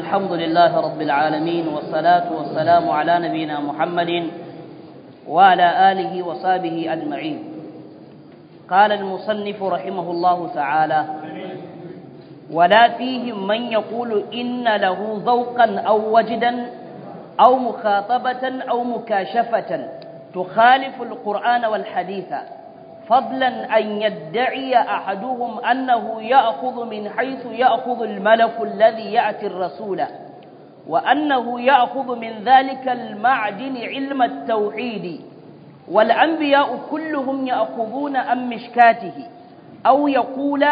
الحمد لله رب العالمين والصلاة والسلام على نبينا محمد وعلى آله وصحبه أجمعين قال المصنف رحمه الله تعالى ولا فيهم من يقول إن له ذوقا أو وجدا أو مخاطبة أو مكاشفة تخالف القرآن والحديث فضلا أن يدعي أحدهم أنه يأخذ من حيث يأخذ الملك الذي يأتي الرسول وأنه يأخذ من ذلك المعدن علم التوحيد والأنبياء كلهم يأخذون أم مشكاته أو يقول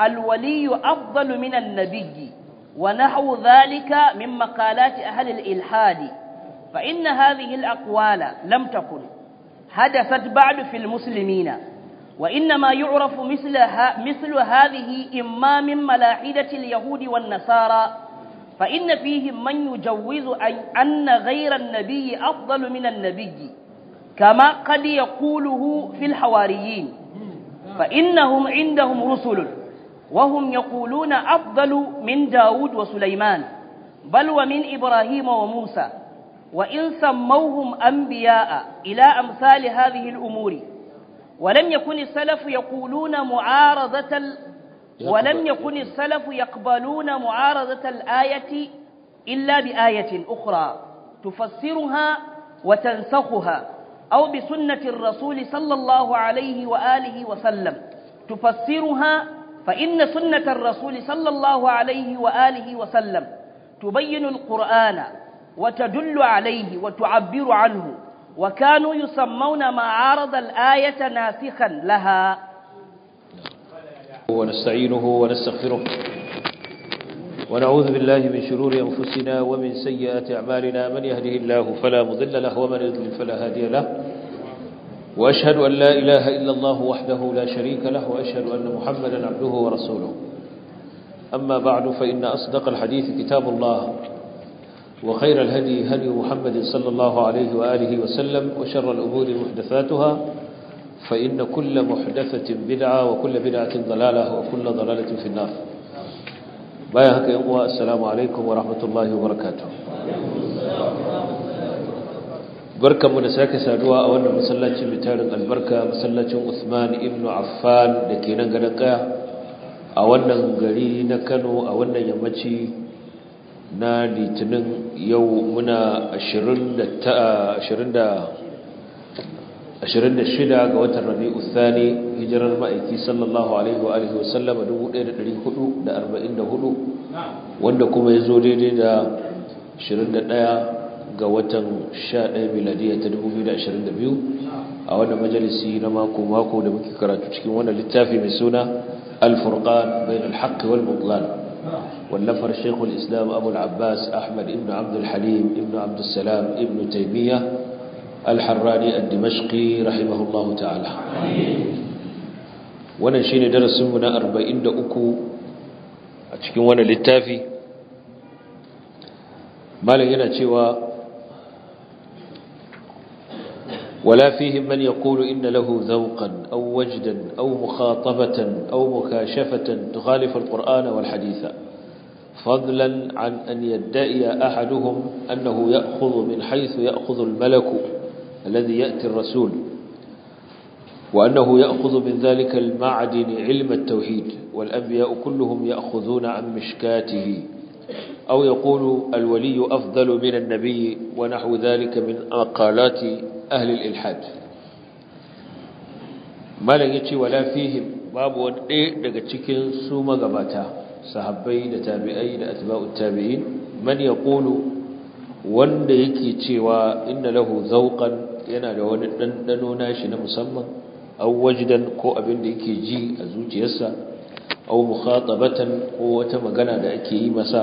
الولي أفضل من النبي ونحو ذلك من مقالات أهل الإلحاد فإن هذه الأقوال لم تكن هدفت بعد في المسلمين وإنما يعرف مثل, ها مثل هذه إما من ملاحدة اليهود والنصارى فإن فيهم من يجوز أن غير النبي أفضل من النبي كما قد يقوله في الحواريين فإنهم عندهم رسل وهم يقولون أفضل من داود وسليمان بل ومن إبراهيم وموسى وإن سموهم أنبياء إلى أمثال هذه الأمور ولم يكن السلف يقولون معارضة ال... ولم يكن السلف يقبلون معارضة الآية إلا بآية أخرى تفسرها وتنسخها أو بسنة الرسول صلى الله عليه وآله وسلم تفسرها فإن سنة الرسول صلى الله عليه وآله وسلم تبين القرآن وتدل عليه وتعبر عنه وكانوا يسمون ما عارض الآية ناسخا لها ونستعينه ونستغفره ونعوذ بالله من شرور أنفسنا ومن سيئات أعمالنا من يهده الله فلا مضل له ومن يضلل فلا هادي له وأشهد أن لا إله إلا الله وحده لا شريك له وأشهد أن محمدا عبده ورسوله أما بعد فإن أصدق الحديث كتاب الله وخير الهدي هدي محمد صلى الله عليه وآله وسلم وشر الأمور محدثاتها فإن كل محدثة بدعة وكل بدعة ضلالة وكل ضلالة في النار بايهك يقوى السلام عليكم ورحمة الله وبركاته بركة منساك سادوا أولا مسلاة متارق البركة مسلاة أثمان ابن عفان لكي ننقنقى أولا قرينا كانوا أولا يمتشي na litinin yau muna 26 ga watan rabi'u Sani, hijirar ma'aiki sallallahu alaihi wa alihi wasallama 1444 wanda kuma ya zo daidai da 21 ga watan 11 miladiya ta 2022 a wannan majalisi na mako-mako da muke karatu cikin wannan littafi mai suna al-furqan bayan al wal-mutlan والنفر شيخ الإسلام أبو العباس أحمد ابن عبد الحليم ابن عبد السلام ابن تيمية الحراني الدمشقي رحمه الله تعالى wannan درس من أربعين 43 a وانا للتافي littafi malam yana ولا فيهم من يقول إن له ذوقا أو وجدا أو مخاطبة أو مكاشفة تخالف القرآن والحديث فضلا عن أن يدعي أحدهم أنه يأخذ من حيث يأخذ الملك الذي يأتي الرسول وأنه يأخذ من ذلك المعدن علم التوحيد والأنبياء كلهم يأخذون عن مشكاته أو يقول الولي أفضل من النبي ونحو ذلك من مقالات أهل الإلحاد ما لنجي ولا فيهم باب ودئ لكتشكين سوما غباتا صحابين تابعين أتباع التابعين من يقول wanda yake cewa inna lahu zauqan yana da wani dandano nashi na musamman aw wajdan ko abin da yake ji a zuciyarsa aw ko wata magana da ake yi masa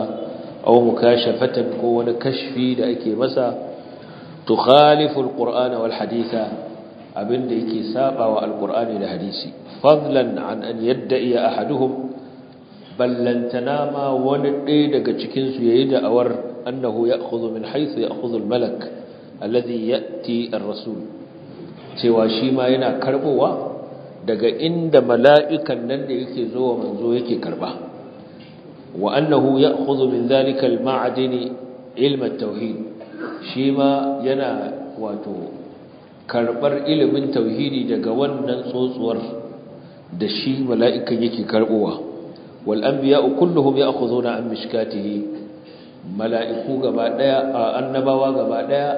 aw mukashafatan ko wani kashfi da ake masa tukhalifu alqur'ana wal haditha abinda yake sabawa alqur'ani da hadisi fadlan an an yadda'i ahaduhum ballantana ma wani ɗaya daga cikin su yayi da'awar annahu ya'khudhu min haythu ya'khudhu almalak alladhi ya'ti ar cewa shi ma yana karbowa daga inda mala'ikan nan da yake zo wa manzo yake karba wa annahu ya'khudhu min dhalika al-ma'dini ilm at-tauhid shi ma yana wato karbar ilimin tauhidi daga wannan tsotsuwar da shi mala'ikan yake karbowa wal anbiya'u kulluhum ya'khudhuna an mishkatihi mala'iku gaba daya annabawa gaba daya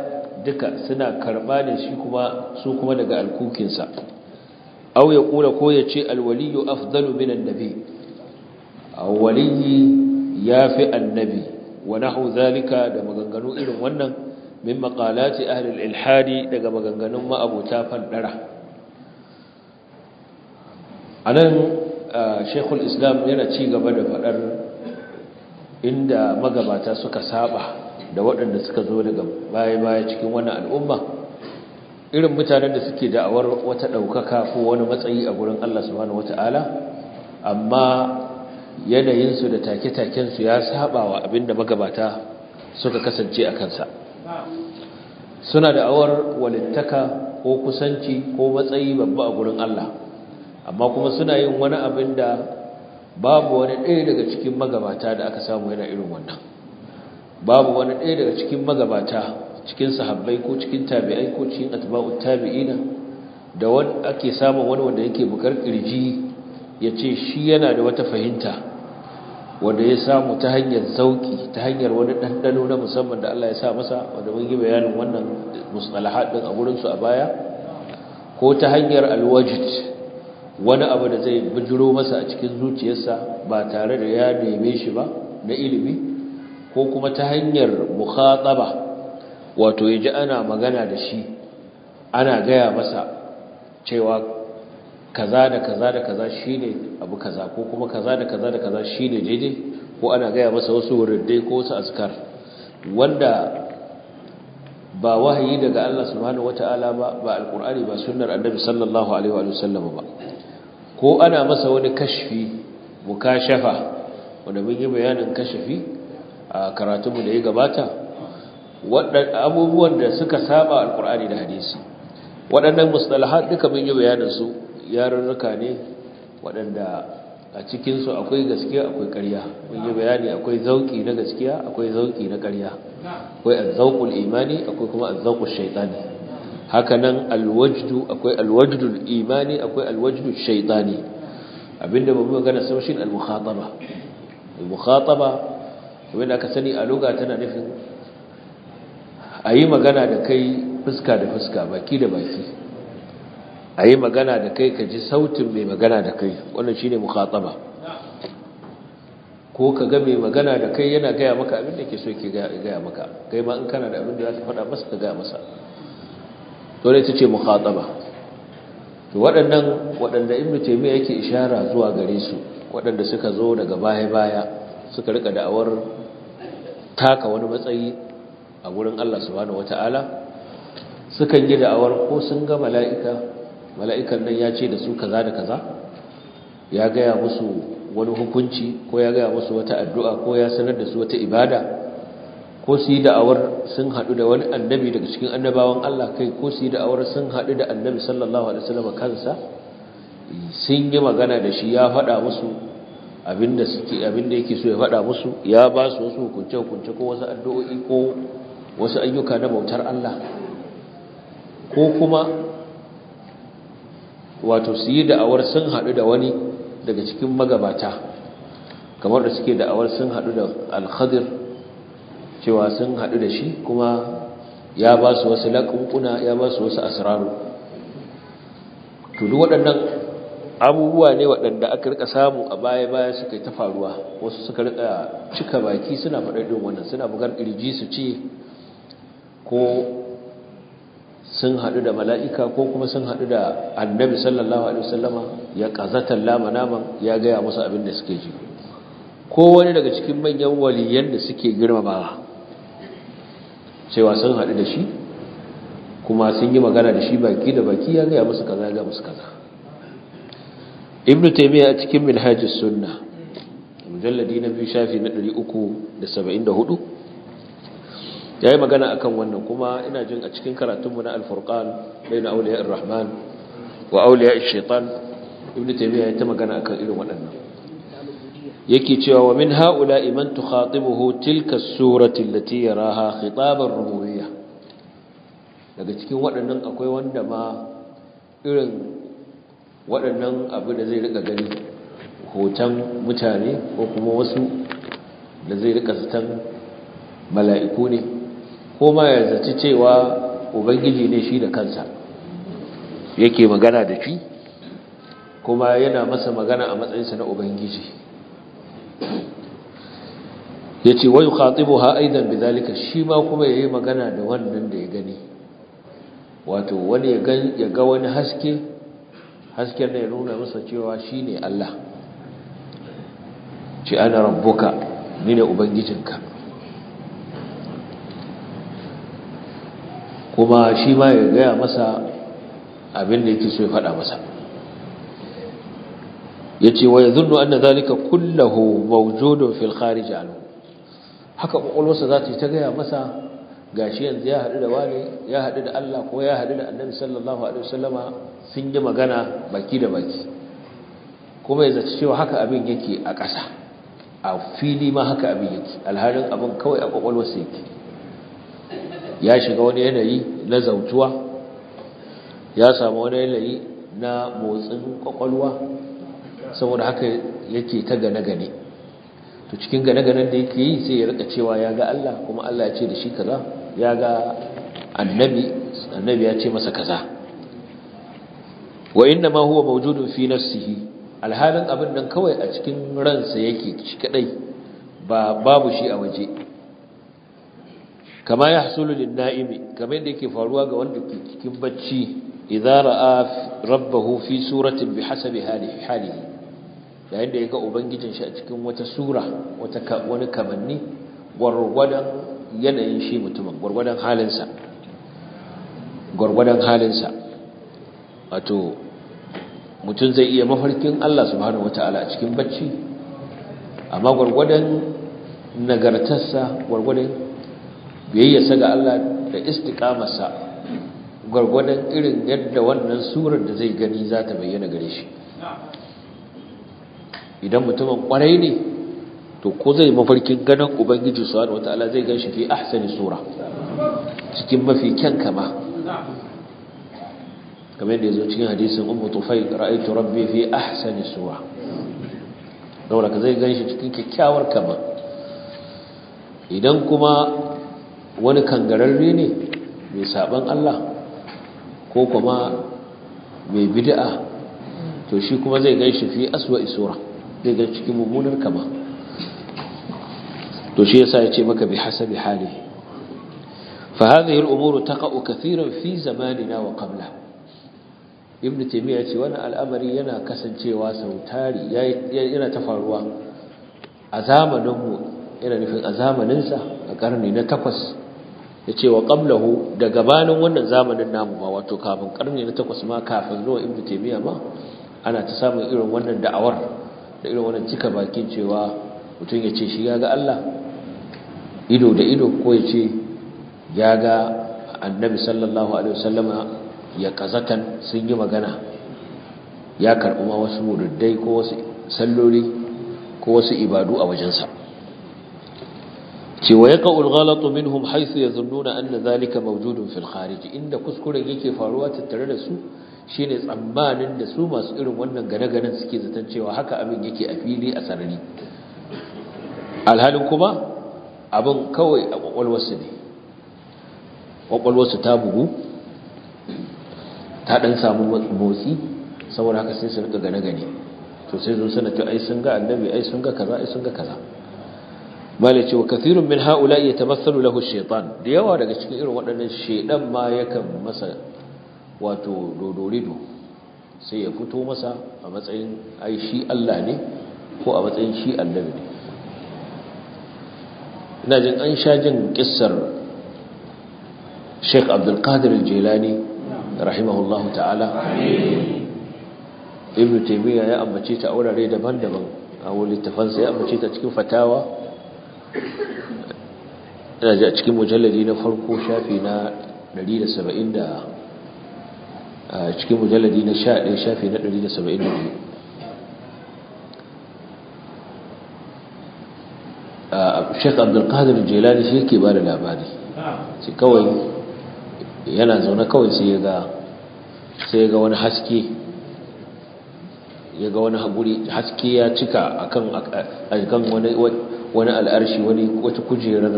duka suna karba ne shi kuma su kuma daga alkukinsa aw ya ko ya ce alwaliyu afdalu min annabi waliyi ya fi annabi wa nahu zalika da maganganu irin wannan min maqalati ahli al-ilhadi daga maganganun ma'abuta faddara anan shaykhul islam yana ci gaba da fadar inda magabata suka saba da waɗanda suka zo daga baya-baya cikin wani al'umma irin mutanen da suke da'awar wata ɗaukaka ko wani matsayi a gurin Allah subhanahu wata'ala amma yanayinsu da take-takensu ya saba wa abinda magabata suka kasance a kansa suna da awar walittaka ko kusanci ko matsayi babba a gurin Allah amma kuma suna yin wani abin da babu wani ɗaya daga cikin magabata da aka samu yana irin wannan babu wani ɗaya daga cikin magabata cikin sahabbai ko cikin tabi'ai ko cikin atba'ut tabi'ina da wani ake samun wani wanda yake bukar ƙirji. ya ce shi yana da wata fahimta wanda ya samu ta hanyar zauki ta hanyar wani ɗanɗano na musamman da Allah ya sa masa wanda mun yi bayanin wannan mustalahat ɗin a wurinsu a baya ko ta hanyar alwajit wani abu da zai bijiro masa a cikin zuciyarsa ba tare da ya neme shi ba na ilimi ko kuma ta hanyar mukhataba wato ya ji ana magana da shi ana gaya masa cewa kaza da kaza da kaza shine abu kaza ko kuma kaza da kaza da kaza shine daidai ko ana gaya masa wasu wurdai ko wasu azkar wanda ba wahayi daga Allah subhanahu wataala ba ba alqur'ani ba sunnar annabi sallallahu alaihi wa sallam ba ko ana masa wani kashfi mukashafa wanda mun yi bayanin kashfi a karatunmu da ya gabata waɗannan abubuwan da suka saba alqur'ani da hadisi waɗannan mustalahat duka mun yi bayanin su yarurruka ne waɗanda a cikinsu akwai gaskiya akwai ƙarya mun yi bayani akwai zauki na gaskiya akwai zauki na ƙarya akwai azzauqul imani akwai kuma azzauqush shaitani hakanan alwajdu akwai alwajdul imani akwai alwajdul shaitani. abinda babu magana gana shi shin almukhataba almukhataba wanda aka sani a lugha tana nufin ayi magana da kai fuska da fuska baki da baki a yi magana da kai ka ji sautin mai magana da kai wannan shi ne mukhataba ko ka ga mai magana da kai yana gaya maka abin da ke so ke gaya maka kai ma in kana da abin da za ta faɗa masa ka gaya masa dole ta ce mukhataba to waɗannan waɗanda ibnu taymiya yake ishara zuwa gare su waɗanda suka zo daga baya baya suka rika da'awar taka wani matsayi a wurin Allah subhanahu wataala sukan yi da'awar ko sun ga mala'ika mala'ikan nan ya ce da su kaza da kaza ya gaya musu wani hukunci ko ya gaya musu wata addu'a ko ya sanar da su wata ibada ko su yi da'awar sun haɗu da wani annabi daga cikin annabawan Allah kai ko su yi da'awar sun haɗu da annabi sallallahu alaihi wasallam kansa sun yi magana da shi ya faɗa musu abinda suke abinda yake so ya faɗa musu ya ba su wasu hukunce hukunce ko wasu addu'o'i ko wasu ayyuka na bautar Allah ko kuma wato su yi da'awar sun haɗu da wani daga cikin magabata kamar da suke da'awar sun haɗu da alkhadir cewa sun haɗu da shi kuma ya ba su wasu laƙunƙuna ya ba su wasu asiraru tulu waɗannan abubuwa ne waɗanda aka rika samu a baya-baya suka yi ta faruwa wasu suka rika cika baki suna faɗaɗin wannan suna bugar ƙirji su ce ko sun haɗu da mala'ika ko kuma sun haɗu da annabi sallallahu alaihi wasallama ya ƙazatar lama naman ya gaya musu abin da suke ji ko wani daga cikin manyan waliyan da suke girmama cewa sun haɗu da shi kuma sun yi magana da shi baki da baki ya gaya musu kaza ga musu kaza ibnu taymiya a cikin minhajus sunna mujalladi na biyu shafi na 374 ya yi magana kan wannan kuma ina jin a cikin karatunmu na alfurkan bai na auliya rahman wa auliya shaitan ibn taymiya ya ta magana kan irin waɗannan yake cewa wa min haula iman tukhatibuhu tilka surati ya raha, khitaban rububiyya daga cikin waɗannan akwai wanda ma irin waɗannan abu da zai rika gani hoton mutane ko kuma wasu da zai rika zaton mala'iku ne ko ya zaci cewa ubangiji ne shi da kansa yake magana da shi kuma yana masa magana a matsayinsa na ubangiji ya ce wai khatibu ha aidan bi shi ma kuma yayi magana da wannan da ya gani wato wani ya ga wani haske hasken da ya nuna masa cewa shi ne Allah ci ana rabbuka ni ne ubangijinka kuma shi ma ya gaya masa abin da yake so ya faɗa masa ya ce wa ya zunnu an da zalika kullahu mawjudun fil kharij anhu haka ƙwaƙwalwarsa za ta yi ta gaya masa Ga shi yanzu ya haɗu da wani ya haɗu da Allah ko ya haɗu da annabi sallallahu alaihi wasallama sun yi magana baki da baki kuma ya zaci cewa haka abin yake a ƙasa a fili ma haka abin yake alhalin abin kawai a ƙwaƙwalwarsa yake ya shiga wani yanayi na zautuwa ya samu wani yanayi na motsin kwakwalwa saboda haka yake ta gane-gane to cikin gane-ganen da yake yi sai ya rika cewa ya ga Allah kuma Allah ya ce da shi kaza ya ga annabi annabi ya ce masa kaza wa inna ma huwa mawjudun fi nafsihi alhalin abin nan kawai a cikin ransa yake shi kadai ba babu shi a waje kama ya hasulu lin na'imi kamar yadda yake faruwa ga wanda ke cikin bacci idza ra'a rabbahu fi suratin bihasabi halihi halihi yayin da yake ubangijin shi a cikin wata sura wata wani kamanni gwargwadon yanayin shi mutumin gwargwadon halinsa gwargwadon halinsa wato mutum zai iya mafarkin Allah subhanahu wataala a cikin bacci amma gwargwadon nagartarsa gwargwadon biyayyarsa ga Allah da istiqamarsa gwargwadon irin yadda wannan surar da zai gani za ta bayyana gare shi idan mutumin kwarai ne to ko zai mafarkin ganin ubangiji subhanahu wataala zai gan shi fi ahsani sura cikin mafi kyan kama kamar da yazo cikin hadisin ummu tufai ra'aytu rabbi fi ahsani sura dole ka zai ganshi cikin kyakkyawar kama idan kuma wani kangararre ne mai saban Allah ko kuma mai bid'a to shi kuma zai gan shi fi aswa isura zai gan cikin mummunar kama to shi yasa ya ce maka bi hasabi hali fa hadhihi al-umuru taqa'u kathiran fi zamanina wa qabla ibn ya ce wannan al'amari yana kasancewa sautari yana ta faruwa a zamaninmu yana nufin a zamaninsa a karni na takwas yace wa qablahu da gabanin wannan zamanin namu ma wato kafin karni na takwas ma kafin zuwa ibnu taymiya ma ana ta samun irin wannan da'awar da irin wannan cika bakin cewa mutum ya ce shi ya ga Allah ido da ido ko ya ce ya ga annabi sallallahu alaihi wasallama ya kazatan sun yi magana ya karɓi ma wasu muriddai ko wasu salloli ko wasu ibadu a wajensa Cewa wa yaqa al-ghalatu minhum haythu yazunnuna anna zalika mawjudun fil kharij inda kuskuren yake faruwa tattare da su shine tsammanin da su masu irin wannan gane-ganen suke zaton cewa haka abin yake a fili a sarari alhalin kuma abin kawai a kwakwalwarsu ne kwakwalwarsu ta bugu ta ɗan samu motsi saboda haka sai su rika gane-gane to sai zo sanata ai sun ga annabi ai sun ga kaza ai sun ga kaza mala ce wa kafirun min ha'ula ya tamassalu lahu shaitan da yawa daga cikin irin waɗannan shaidan ma yakan masa wato dodorido sai ya fito masa a matsayin ai shi Allah ne ko a matsayin shi Allah ne ina jin an sha jin kissar Sheikh Abdul Qadir rahimahullahu ta'ala Ibn Taimiyya ya ambace ta a wurare daban-daban a wani littafansa ya ambace ta cikin fatawa ina ji a cikin mujalladi na farko shafi na 170 da a cikin mujalladi na 11 shafi na 172 a shek abdulkadir jelani shi yake ba da labari shi kawai yana zaune kawai sai ya ga sai ya ga wani haske ya ga wani haguri haske ya cika akan akan wani wani al'arshi wani wata kujerar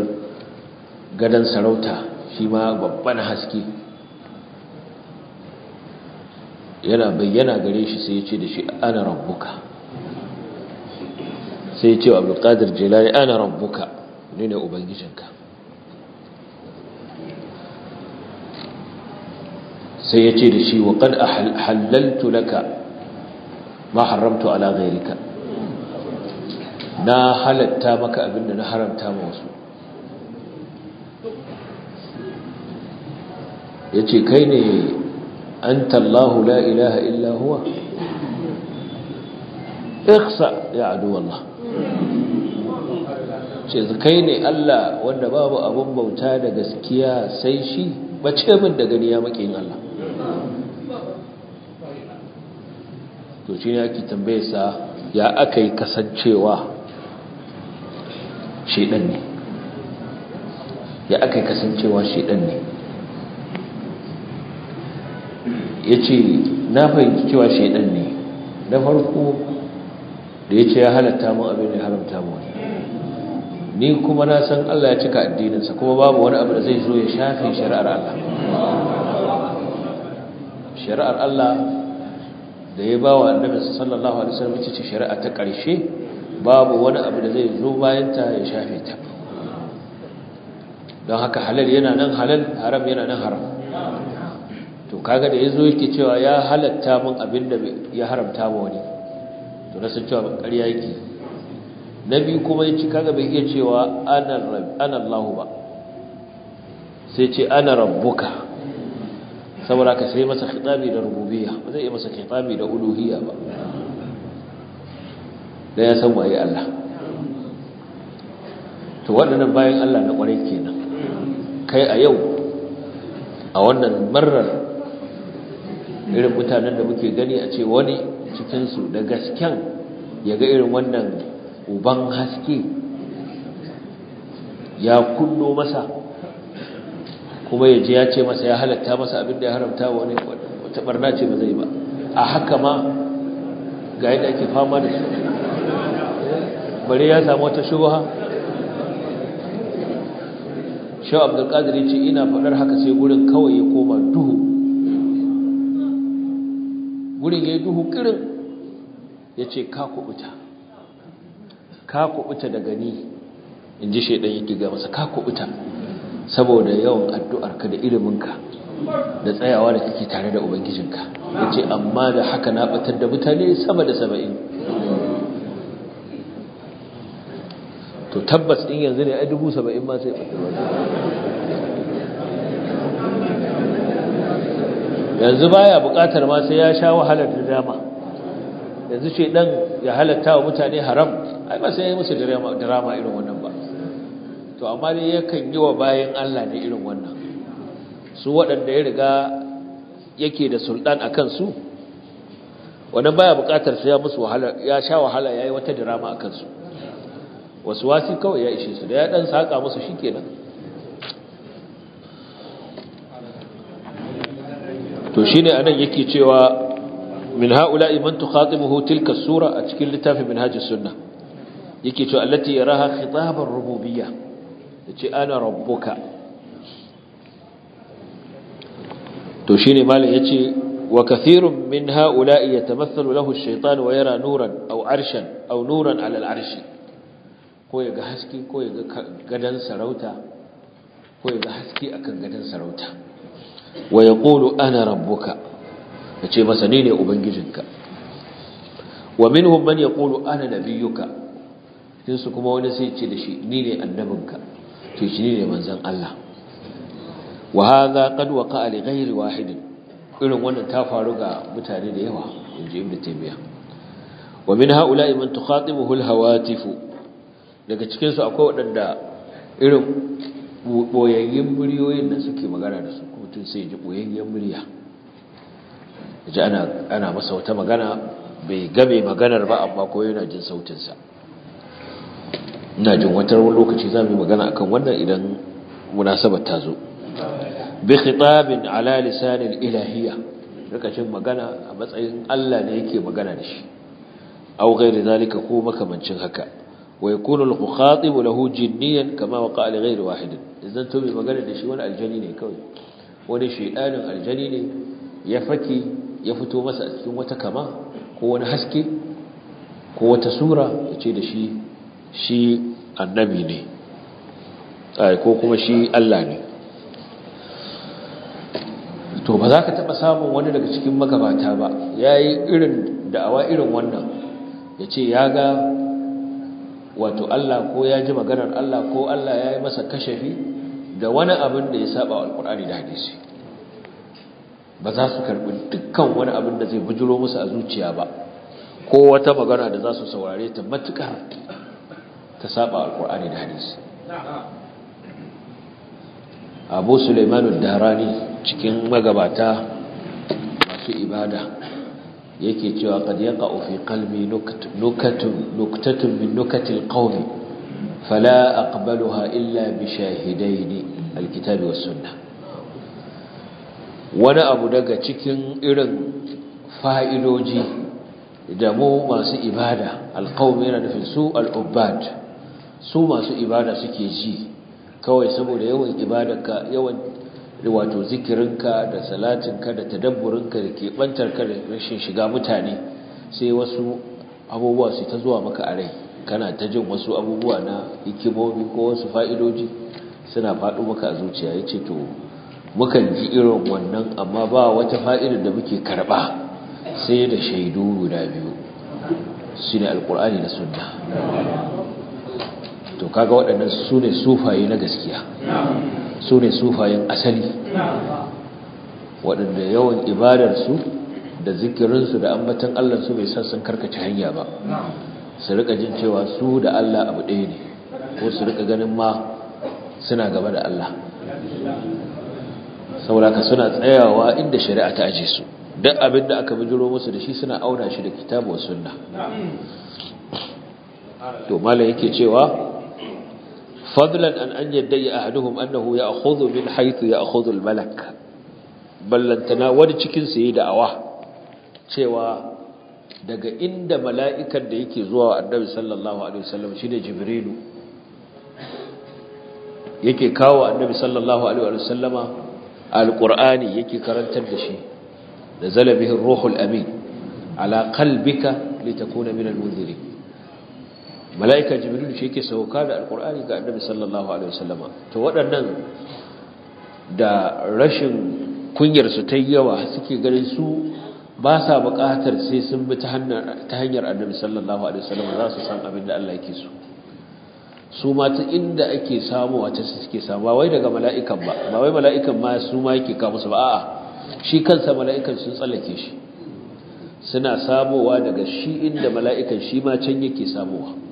gadon sarauta shi ma babban haske yana bayyana gare shi sai ya ce da shi ana rabbuka sai ya ce wa abdulkadir jelani ana rabbuka ne ne ubangijinka sai ya ce da shi wa kan halaltu laka ma haramtu ala gairika na halatta maka abin da na haramta ma wasu ya ce kai ne an tallahu la ilaha illa huwa iksa ya aduwallah ce kai ne Allah wanda babu abin bauta da gaskiya sai shi ba ce min da gani ya yin Allah to shi ne ake tambayasa ya aka yi kasancewa shaidan ne ya aka kasancewa shaidan ne ya ce na fahimci cewa shaidan ne na farko da ya ce ya halatta mu abin da haramta mu ni kuma na san Allah ya cika addininsa kuma babu wani abu da zai zo ya shafe shari'ar Allah shari'ar Allah da ya ba wa annabi sallallahu alaihi wasallam ce shari'a ta ƙarshe babu wani abu da zai zo bayanta ya shafe ta don haka halal yana nan halal haram yana nan haram to kaga da yazo yake cewa ya halatta min da ya haramta ba wani to na san cewa ban ƙarya yake nabi kuma yace kaga bai iya cewa ana ana Allah ba sai ce ana rabbuka saboda ka sai masa khitabi da rububiyya ba zai iya masa khitabi da uluhiyya ba da ya san waye Allah to waɗannan bayan Allah na ƙwarai kenan kai a yau a wannan marar irin mutanen da muke gani a ce wani cikinsu da gasken ya ga irin wannan uban haske ya kullo masa kuma ya ji ya ce masa ya halatta masa abinda ya haramta wani wata barna ce ba zai ba a haka ma ga yadda ake fama da su bari ya samu wata shubaha shaw abdulkadir ya ce ina faɗar haka sai gurin kawai ya koma duhu gurin ya yi duhu kirin ya ce ka kubuta ka kubuta daga ni in ji shaidan yake ga masa ka kubuta saboda yawan addu'arka da iliminka da tsayawa da kake tare da ubangijinka yace amma da haka na batar da mutane sama da saba'in. to tabbas in yanzu ne ai dubu saba'in ma sai batar yanzu baya bukatar ma sai ya sha wahalar da dama yanzu ce dan ya halatta wa mutane haram ai ba sai ya yi musu drama irin wannan ba to amma dai yakan yi wa bayan Allah ne irin wannan su waɗanda ya riga yake da sultan a kansu wannan baya buƙatar sai ya musu wahala ya sha wahala yayi wata dirama a kansu wasu wasi kawai ya ishe su da ya dan saka musu kenan. to shine anan yake cewa min haula'i man tukhatibuhu tilka sura a cikin littafin minhajus sunna yake cewa allati raha khitabar rububiyya ce ana rabbuka to shine malam yace wa kathirun min haula'i yatamathalu lahu ash-shaytan wa yara nuran aw arshan aw nuran 'ala al-arsh ko yaga haske ko yaga gadan sarauta ko yaga haske akan gadan sarauta wa yaqulu ana rabbuka yace masa ni ne ubangijinka wa minhum man yaqulu ana nabiyyuka kinsu kuma wani sai ya ce da shi ni ne annabinka to shi ne manzon Allah wa hadha qad waqa'a li ghairi wahid irin wannan ta faru ga mutane da yawa inji ibnu taymiya wa min ha'ula'i man tuqatibuhu al-hawatif daga cikin su akwai wadanda irin boyayyen muryoyin da suke magana da su ko mutum sai ji boyayyen murya ji ana ana masa wata magana bai game maganar ba amma ko yana jin sautin sa ina jin wata lokaci zamu yi magana akan wannan idan munasabar ta zo bi khitabin ala lisanil ilahiyya lokacin magana a matsayin Allah ne yake magana da shi aw ghairi zalika ko makamancin haka wa yakunu al-mukhatib lahu jinniyan kama waqa li ghairi wahid idan magana da wani aljani ne kawai wani shaydanin aljani ne ya faki ya fito masa a cikin wata kama ko wani haske ko wata sura yace da shi shi annabi ne ko kuma shi Allah ne to ba za ka taɓa samun wani daga cikin magabata ba ya yi irin da'awa irin wannan ya ce ya ga wato Allah ko ya ji maganar Allah ko Allah ya yi masa kashafi da wani abin da ya saba wa alkur'ani da hadisi ba za su karɓi dukkan wani abin da zai bujiro musu a zuciya ba ko wata magana da za su saurare ta matuƙar ta saba alkur'ani da hadisi abu suleimanu darani cikin magabata masu ibada yake cewa kad yaqa kalmi qalbi nukatun min nukatil qawmi fala aqbaluha illa bi ne, alkitabi was sunnah wani abu daga cikin irin fa'idodi da mu masu ibada alqawmi yana nufin su al'ubbad su masu ibada suke ji kawai saboda yawan ibadarka yawan wato zikirinka da salatinka da tadabburinka da keɓantarka da rashin shiga mutane sai wasu abubuwa su ta zuwa maka a rai kana ta jin wasu abubuwa na hikimomi ko wasu fa'idoji suna faɗo maka a zuciya ya ce to mukan ji irin wannan amma ba wata fa'idar da muke karɓa sai da shaidu guda biyu shi ne alƙulani na sunna to kaga waɗannan su ne sufaye na gaskiya su ne sufayen asali waɗanda yawan ibadarsu da zikirinsu da ambatan su bai san sun karkace hanya ba su rika jin cewa su da allah abu ɗaya ne ko su rika ganin ma suna gaba da allah ka suna tsayawa inda shari'a ta aje su duk abin da aka bijiro musu da shi suna auna shi da kitabu wa sunna to malam yake cewa fadlan an an yaddai ahaduhum annahu ya'khudhu min haythu ya'khudhu al-malak ballantana wani cikin su yi da'awa cewa daga inda mala'ikan da yake zuwa annabi sallallahu alaihi wasallam shine jibrilu yake kawo annabi sallallahu alaihi wasallama alqur'ani yake karantar da shi da zalabihi ruhul amin ala qalbika litakuna min almunzirin mala'ika jibril shi yake sauka da alkur'ani ga annabi sallallahu alaihi wasallama to waɗannan da rashin kunyarsu su ta yawa suke ganin su ba sa buƙatar sai sun bi ta hanyar annabi sallallahu alaihi wasallama za su san abin da Allah yake so su ma ta inda ake samu wata suke samu ba wai daga mala'ikan ba ba wai mala'ikan ma su ma yake kawo musu ba a'a shi kansa mala'ikan sun tsallake shi suna samowa daga shi inda mala'ikan shi ma can yake samowa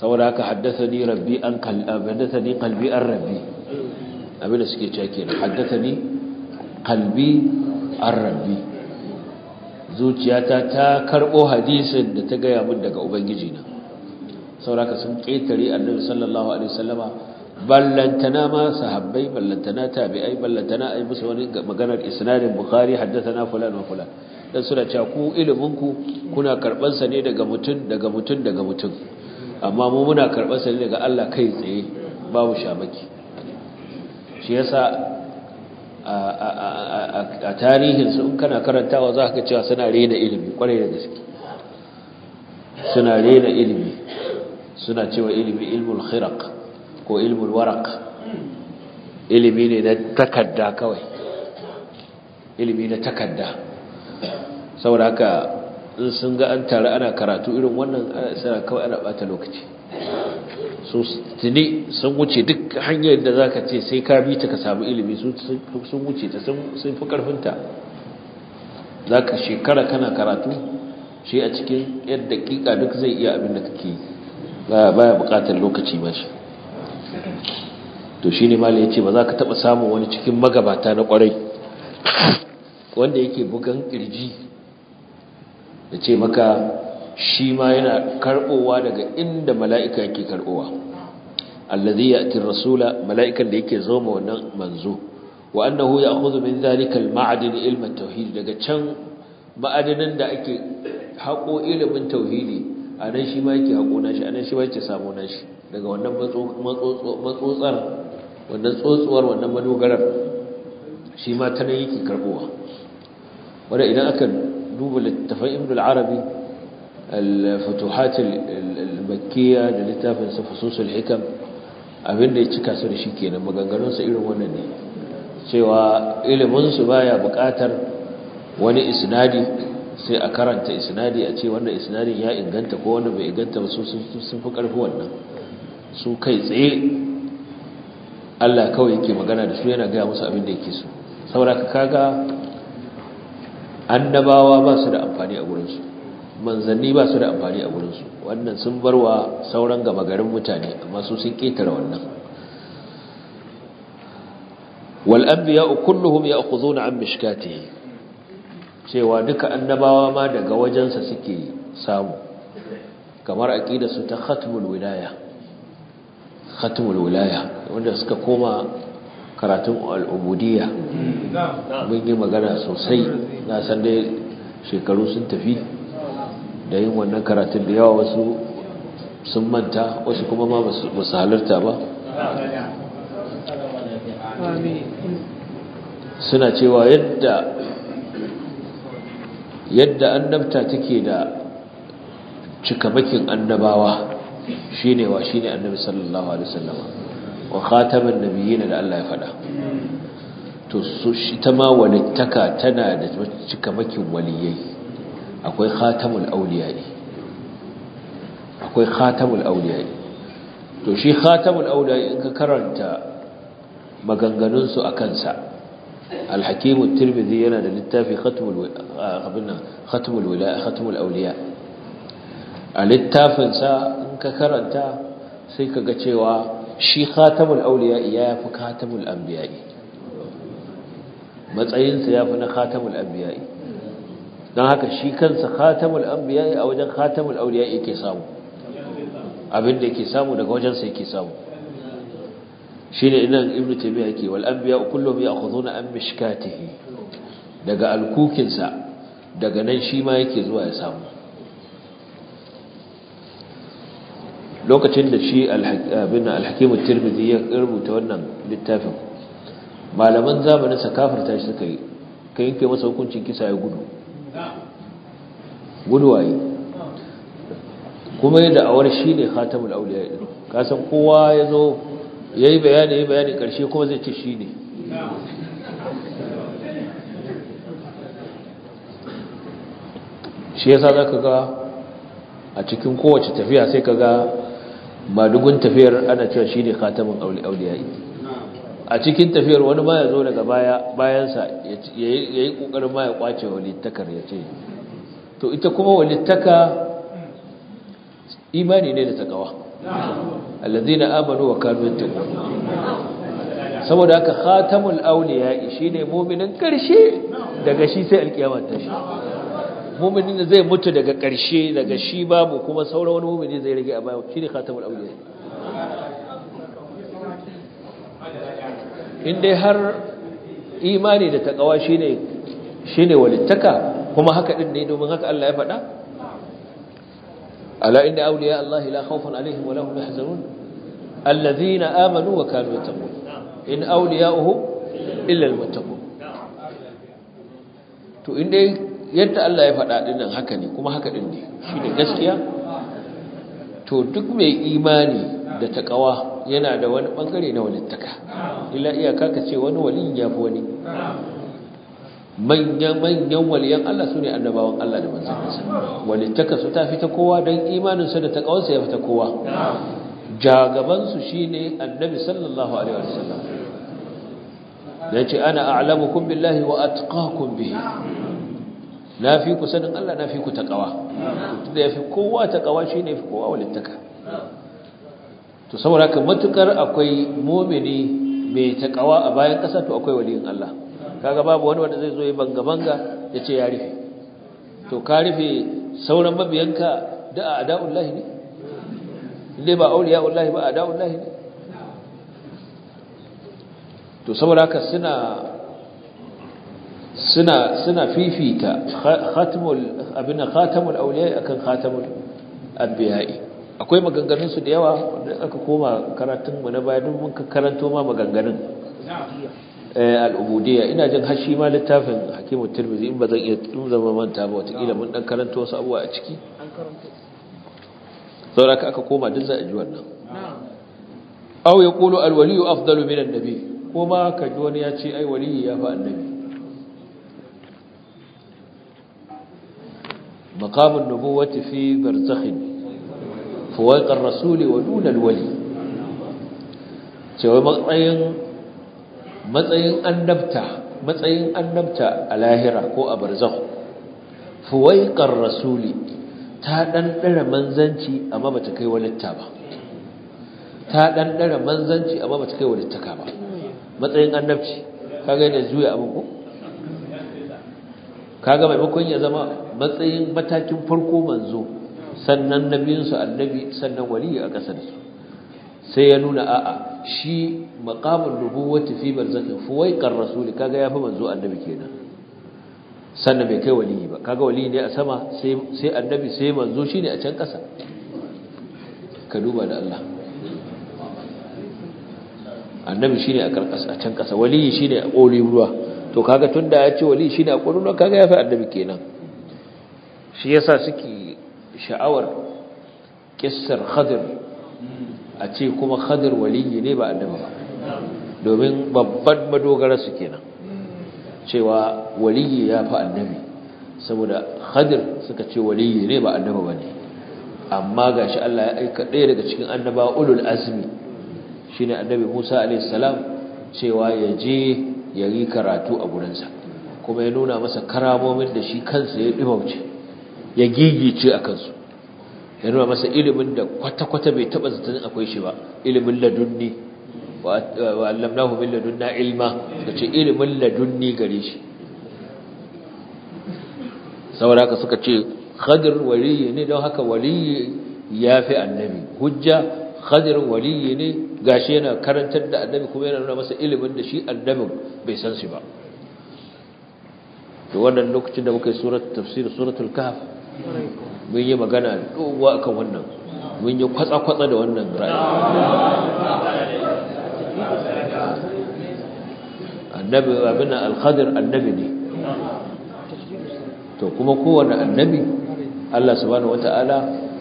saboda haka ni rabbi an ni kalbi an rabbi abinda suke cewa haddasa ni kalbi an rabbi zuciyata ta karbo hadisin da ta gaya min daga ubangiji na saboda haka sun ketare annabi sallallahu alaihi wasallama ballantana ma sahabbai ballantana tabi'ai ballantana ai musu wani maganar isnadin bukhari haddathana fulan wa fulan dan suna cewa ku ilimin ku kuna karban sa ne daga mutun daga mutun daga mutun amma mu muna karɓar sani daga Allah kai tsaye babu shamaki shi yasa a tarihinsu in kana karantawa za ka cewa suna rena ilimi kwarai da gaske suna rena ilimi suna cewa ilimi ilmul khiraq ko ilmul waraq ilimi ne na takarda kawai ilimi na takarda saboda haka in sun ga an tare ana karatu irin wannan ana kawai ana bata lokaci su tuni sun wuce duk hanyar da zaka ce sai ka bi ta ka samu ilimi sun wuce ta sun fi karfinta ka shekara kana karatu shi a cikin yadda dakika duk zai iya abin da kake baya bukatar lokaci ba shi to shi shine ya yace ba za ka taba samun wani cikin magabata na kwarai wanda yake bugan kirji da ce maka shi ma yana karbowa daga inda mala'ika yake karbowa allazi ya'ti rasula mala'ikan da yake zo ma wannan manzo wa annahu ya'khudhu min zalika ma'adin madin ilm daga can ma'adanin da ake haƙo ilimin tauhidi nan shi ma yake hako nashi nan shi ma yake samu nashi daga wannan matsotsar wannan tsotsuwar wannan madogarar shi ma ta nan yake karbowa wanda idan aka duba littafin العربي الفتوحات arabi al-futuhat al-makkiyya da littafin sa fususul abinda ya cika su da shi kenan maganganun irin wannan ne cewa ilimin su baya bukatar wani isnadi sai a karanta isnadi a ce wannan isnadin ya inganta ko wanda bai inganta ba su sun fi karfi wannan su kai tsaye Allah kawai yake magana da su yana gaya musu abin da yake so saboda kaga annabawa ba su da amfani a gurinsu manzanni ba su da amfani a gurinsu wannan sun barwa sauran gama garin mutane amma su sun ƙetare wannan wal anbiya kulluhum ya'khuduna an mishkatihi cewa duka annabawa ma daga wajensa suke samu kamar aqidar su ta khatmul wilaya wilaya wanda suka koma karatun al'ubudiyya mun yi magana sosai na san dai shekaru sun tafi da yin wannan karatun da yawa wasu sun manta wasu kuma ma ba halarta ba suna cewa yadda yadda annabta take da cikamakin annabawa shine wa shine annabi sallallahu alaihi wasallama wa khataman nabiyina da Allah ya faɗa to su shi ta ma walittaka tana da cikamakin waliyai akwai khatamul auliya ne akwai khatamul auliya ne to shi khatamul auliya in ka karanta maganganunsu a kansa alhakimu tirmidhi yana da littafi khatamul abinna khatmul wilaya khatmul auliya a littafinsa in ka karanta sai ka ga cewa shi khatamul auliya ya fi khatamul anbiya'i matsayinsa ya fi na khatamul anbiya don haka shi kansa khatamul anbiya a wajen khatamul auliya yake samu abin da yake samu daga wajensa yake samu shi ne inan ibnu taymiya yake wal anbiya kullum ya'khuduna an mishkatihi daga alkukinsa daga nan shi ma yake zuwa ya samu lokacin da shi abin alhakimu tirmidhi ya rubuta wannan littafin malaman zamanin sa kafirta shi suka yi ka yanke masa hukuncin kisa ya gudu guduwaye kuma yadda awar shi ne khatamul auliya din kasan kowa ya zo ya yi bayani ya bayani karshe kuma zai ce shi ne shi yasa za ka ga a cikin kowace tafiya sai ka ga madugun tafiyar ana cewa shi ne khatamin auliyayi a cikin tafiyar wani ma ya zo daga bayansa ya yi ƙoƙarin ma ya ƙwace walittakar ya ce to ita kuma walittaka imani ne da takawa allazina amanu wa kanu yattaqun saboda haka khatamul shi shine mu'minin karshe daga shi sai alkiyama ta shi muminin da zai mutu daga ƙarshe daga shi babu kuma sauran wani mumini zai rage a bayan shi ne khatamul auliya in dai har imani da takawa shine shine walittaka kuma haka din ne domin haka Allah ya faɗa ala inna awliya Allah la khawfun alaihim wa lahum yahzanun alladhina amanu wa kanu yattaqun in awliya'uhu illa almuttaqun to in dai yadda Allah ya faɗa nan haka ne kuma haka ɗin ne shi da gaskiya to duk mai imani da takawa yana da wani ɓangare na walittaka Ila iyaka ka ce wani walin ya fi wani manyan manyan waliyan Allah su ne annabawan Allah da manzanninsa walittaka su ta fita kowa don imaninsa da takawarsa ya fita kowa jagabansu shi ne annabi sallallahu alaihi wasallam da ce ana a'lamukum billahi wa atqakum bihi na fi ku sanin Allah na fi ku taqawa da ya fi kowa shi ne fi kowa walittaka to saboda haka matukar akwai momini mai taƙawa a bayan ƙasa, to akwai waliyin Allah kaga babu wani wanda zai zo yi banga banga ya ce ya rufe to ka rufe sauran mabiyanka da lahi ne ne ba auliya'ullahi ba a lahi ne to saboda haka suna suna suna fifita khatmul abin khatamul awliya akan khatamul anbiya'i akwai maganganun su da yawa wanda aka koma karatun mu na baya duk mun karanto ma maganganun eh, al-ubudiyya ina jin hashi ma littafin hakimu tirmizi in ba zan iya zama manta ba watakila mun dan karanta wasu abuwa a ciki saboda aka koma duk za a ji wannan aw yaqulu alwaliyu afdalu min annabi kuma ka ji wani ya ce ai waliyi ya fa annabi مقام النبوة في برزخ فوق الرسول ودون الولي cewa matsayin matsayin matsayin annabta a lahira ko a barzakh fuwaiqar rasuli ta ɗanɗara manzanci amma bata kai ba ta ɗanɗara manzanci amma ba matsayin annabci kaga yadda juya abin kaga maimakon ya zama matsayin matakin farko manzo sannan nabiyinsu annabi sannan wali a kasar su sai ya nuna a'a shi maqamul nubuwwati fi barzakhin fuwaiqar rasul kaga yafi manzo annabi kenan sannan bai kai wali ba kaga wali ne a sama sai sai annabi sai manzo shine a can kasa ka duba da Allah annabi shine a karkasa a can ƙasa wali shine a ƙolin ruwa to kaga tunda ya ce wali shine aquluna kaga ya fi annabi kenan shi yasa suke sha'awar kissar khadir a ce kuma khadir yi ne ba annabi ba domin babban madogara su kenan cewa waliyi ya fi annabi saboda khadir suka ce waliyi ne ba annabi ba ne amma gashi Allah ya aika ɗaya daga cikin annaba ulul azmi shine annabi Musa alaihi salam cewa ya je ya yi karatu a wurinsa. kuma ya nuna masa karamomin da shi kansa ya ɗimauce ya gigice a kansu ya nuna masa ilimin da kwata-kwata bai taɓa zata akwai shi ba ilimin ladunni wa allamnahu min ladunna ilma da ce ilimin ladunni gare shi saboda haka suka ce khadir waliyi ne don haka waliyi ya fi annabi hujja khadir waliyi ne gashi yana karantar da annabi kuma yana nuna masa ilimin da shi annabin bai san shi ba to wannan lokacin da muka yi surat tafsir suratul kahf mun yi magana dogo akan wannan mun yi kwatsa-kwatsa da wannan ra'ayi annabi abin al-khadir annabi ne to kuma kowane annabi Allah subhanahu wata'ala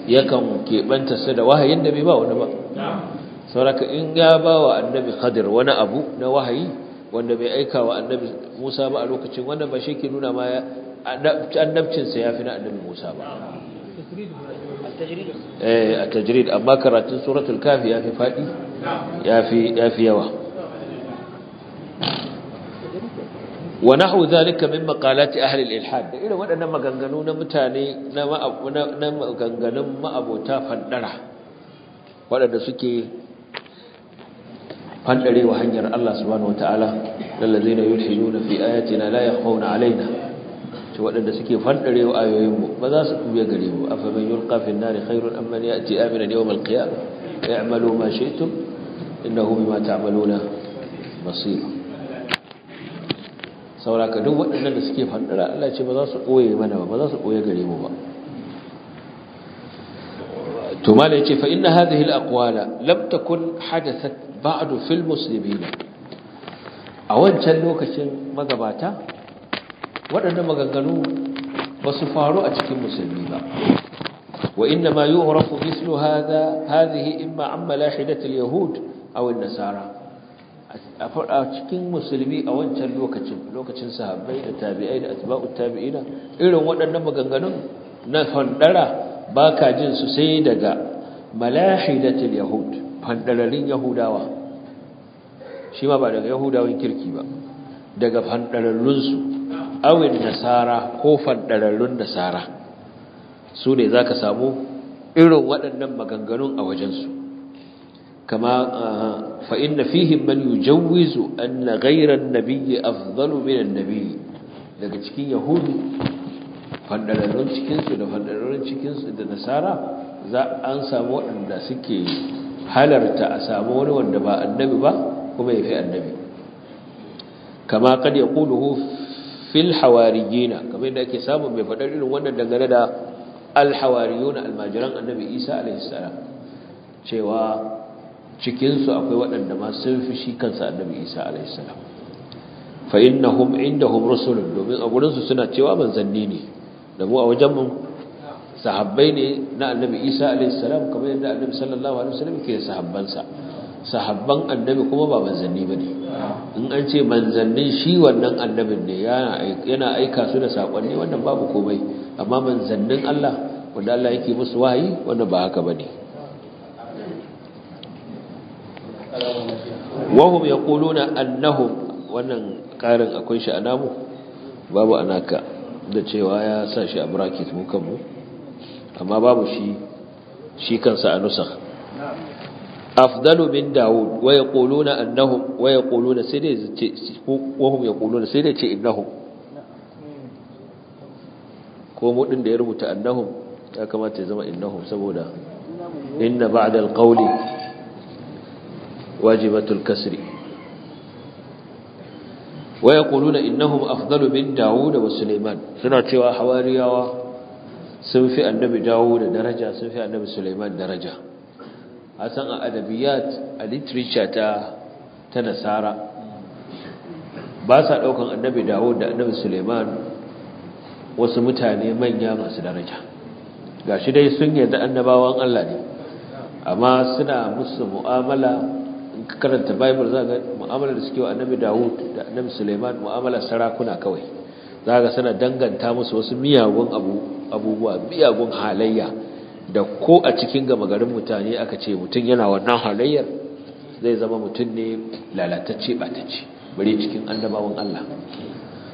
yakan keɓanta sa da wahayin da bai ba wani ba sauraka in ya ba wa annabi khadir wani abu na wahayi wanda bai aika wa annabi musa ba a lokacin wanda ba shi ke nuna ma annabcinsa ya fi na annabi musa ba eh, a tajrid amma karatun suratul kafi ya fi faɗi ya fi yawa Wani nahwu zalika min maqalati ahli ilhad da irin waɗannan maganganu na mutane na maganganun ma'abota faddara waɗanda suke fandare wa hanyar Allah subhanahu wataala lallazina yulhiduna fi ayatina la yakhawna alaina to wadanda suke fandare wa ayoyin mu ba za su kuya gare mu afaman yulqa fi na nari khairun am man ya'ti amina yawm al-qiyamah ya'malu ma shi'tum innahu bima ta'maluna basir sauraka duk waɗanda da suke fandara Allah ce ba za su koye mana ba ba za su koye gare mu ba to ya ce fa inna hadhihi al-aqwala lam takun hadathat ba'du fil muslimin a wancan lokacin magabata waɗannan maganganu ba su faru a cikin musulmi ba wa inna ma yi yu'rafu mislu hadha hadhihi imma an malahidat al-yahud aw an-nasara a cikin musulmi a wancan lokacin lokacin sahabbai da tabi'ai da atba'ut tabi'ina irin waɗannan maganganun na fandara ba ka jin su sai daga malahidatul yahud fandararin yahudawa shi ma ba daga yahudawan kirki ba daga fandararrunsu awin nasara ko fandararrun nasara su ne za ka samu irin waɗannan maganganun a wajensu kama fa'in na fihim man yi jawizu an na gairan nabiyyi afzalu nabiyyi daga cikin yahudu fandararrun cikinsu da fandararrun cikinsu da nasara za an samu waɗanda suke halarta a samu wani wanda ba annabi ba kuma ya fi annabi kama kad ya kuluhu fil hawarijina kamar yadda ake samun mai faɗar irin wannan dangane da na almajiran annabi isa alaihi salam cewa cikinsu akwai waɗanda ma sun fi shi kansa annabi isa alaihi salam fa innahum indahum rusulun domin a gurinsu suna cewa manzanni ne da mu a wajenmu sahabbai ne na annabi isa alaihissalam kamar yadda annabi sallallahu alaihi wasallam ke sahabbansa sahabban annabi kuma ba manzanni ba in an ce manzannin shi wannan annabin ne yana aika su da sakonni wannan babu komai amma manzannin allah wanda allah yake musu wahayi wannan ba haka ba ne wahum ya ƙuluna annahum wannan ƙarin akwai shi a namu babu anaka da cewa ya sa shi a bracket mu kanmu amma babu shi shi kansa a nusakh afdalu min daud wa yaquluna annahum wa yaquluna sai dai ce wa hum yaquluna sai dai ce ibnahum ko mu mudin da ya rubuta annahum ya kamata ya zama innahum saboda inna ba'da alqawli wajibatul kasri wa yaquluna innahum afdalu min daud wa Suleiman suna cewa hawariyawa sun fi annabi dawo da daraja sun fi annabi suleiman daraja a san a adabiyat a literature ta ta nasara ba sa ɗaukan annabi dawo da annabi suleiman wasu mutane manya masu daraja ga shi dai sun yadda annabawan allah ne amma suna musu mu'amala karanta bible za ga mu'amalar da suke wa annabi dawud da annabi suleiman mu'amalar sarakuna kawai za ga suna danganta musu wasu miyagun abu abubuwa biyagun halayya da ko a cikin gama garin mutane aka ce mutum yana wannan halayyar zai zama mutum ne lalatacce batacce bare cikin annabawan Allah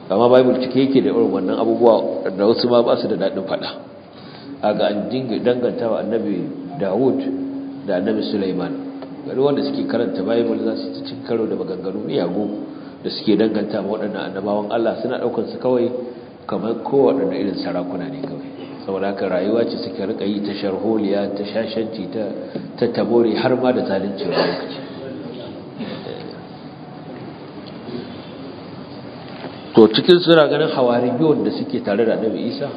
amma bible cike yake da irin wannan abubuwa da wasu ma ba su da daɗin fada a ga an dinga danganta wa annabi Dawud da annabi Sulaiman gari wanda suke karanta bible za su ci karo da maganganu miyagu da suke danganta ma waɗannan annabawan Allah suna ɗaukansu su kawai kamar kowaɗanda irin sarakuna ne kawai saboda haka rayuwa ce suke rika yi ta sharholiya ta shashanci ta tabori har ma da zalunci wani to cikin suna ganin hawari biyu da suke tare da annabi isa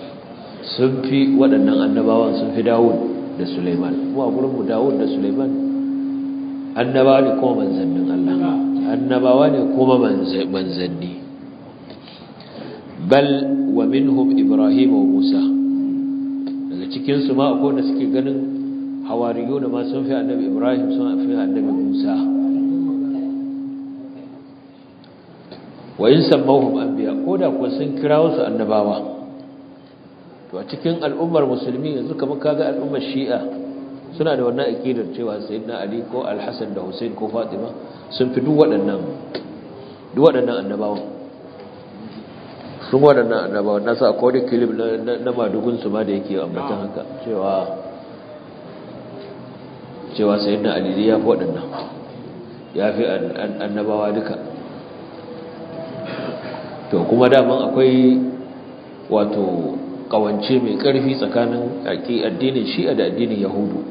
sun fi waɗannan annabawan sun fi dawon da suleiman kuma a gurinmu da suleiman annabawa ne kuma manzannin allah annabawa ne kuma manzanni bal wa minhum ibrahim wa musa daga cikin su ma akwai da suke ganin hawariyu da ma sun fi annabi ibrahim sun fi annabi musa wa in sammahum anbiya koda ko sun kirawo su annabawa to a cikin al'ummar musulmi yanzu kamar kaga al'ummar shi'a suna da wannan akidar cewa sayyidina ali ko al-hasan da husain ko fatima sun fi duk waɗannan duk waɗannan annabawan sun waɗannan annabawan nasu a kodin kilim na madugunsu ma da yake ambata ah. haka cewa cewa sayin na alili ya fi waɗannan ya fi annabawa duka to kuma daman akwai wato kawance mai ƙarfi tsakanin addinin shi'a da addinin yahudu